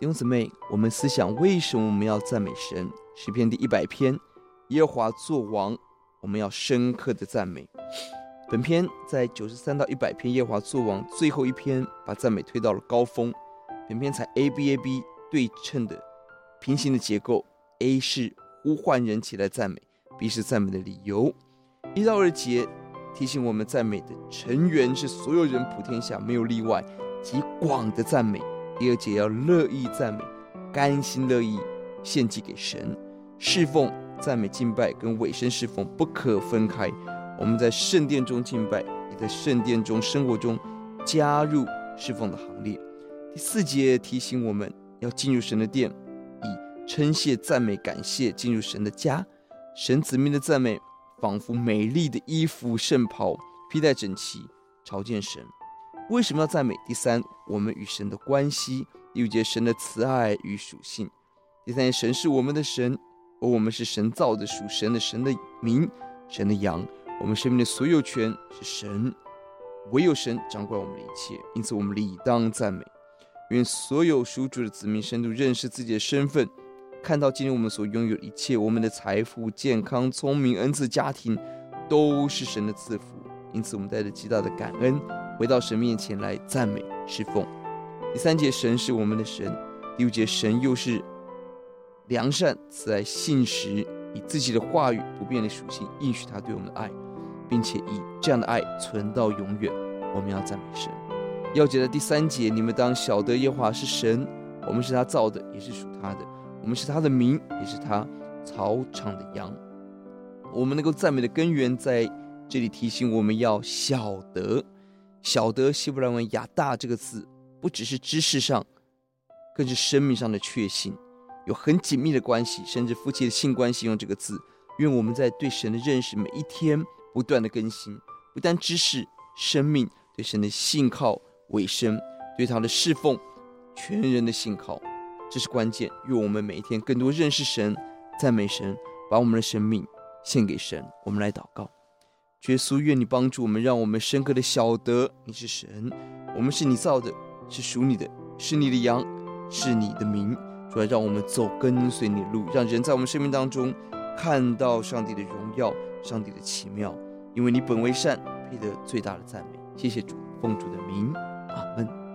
弟兄姊妹，我們思想為什麼我們要讚美神？詩篇第一百篇，耶和華作王，我們要深刻的讚美。本篇在九十三到一百篇耶和華作王，最後一篇把讚美推到了高峰。本篇採 A B A B 對稱的平行的結構，A 是呼喚人起來讚美，B 是讚美的理由。一到二節提醒我們，讚美的成員是所有人，普天下沒有例外，極廣的讚美。第二節要樂意讚美，甘心樂意獻祭給神，侍奉、讚美、敬拜跟委身侍奉不可分開。我們在聖殿中敬拜，也在聖殿中生活中加入侍奉的行列。第四節提醒我們要進入神的殿，以稱謝、讚美、感謝進入神的家。神子民的讚美，仿佛美麗的衣服、聖袍披戴整齊，朝見神。為什麼要讚美？第三，我們與神的關係，第五神的慈愛與屬性。第三，神是我們的神，而我們是神造的屬，屬神的神的民，神的羊。我們生命的所有權是神，唯有神掌管我們的一切，因此我們理當讚美。願所有屬主的子民深度認識自己的身份，看到今天我們所擁有的一切，我們的財富、健康、聰明、恩賜、家庭，都是神的賜福。因此，我們帶着極大的感恩。回到神面前來讚美事奉。第三節，神是我們的神；第五節，神又是良善、慈愛、信實，以自己的話語不變的屬性應許他對我們的愛，並且以這樣的愛存到永遠。我們要讚美神。要記得第三節，你們當曉得耶和華是神，我們是他造的，也是屬他的，我們是他的民，也是他草場的羊。我們能夠讚美的根源在這裡提醒我們要曉得。曉得希伯來文“亞大”這個字，不只是知識上，更是生命上的確信，有很緊密的關係，甚至夫妻的性關係用這個字。願我們在對神的認識，每一天不斷地更新，不但知識、生命對神的信靠委身，對他的事奉全人的信靠，這是關鍵。願我們每一天更多認識神、讚美神，把我們的生命獻給神。我們來禱告。耶穌，願你幫助我們，讓我們深刻地曉得你是神，我們是你造的，是屬你的，是你的羊，是你的民。主啊，讓我們走跟隨你的路，讓人在我們生命當中看到上帝的榮耀，上帝的奇妙。因為你本為善，配得最大的讚美。謝謝主，奉主的名，阿門。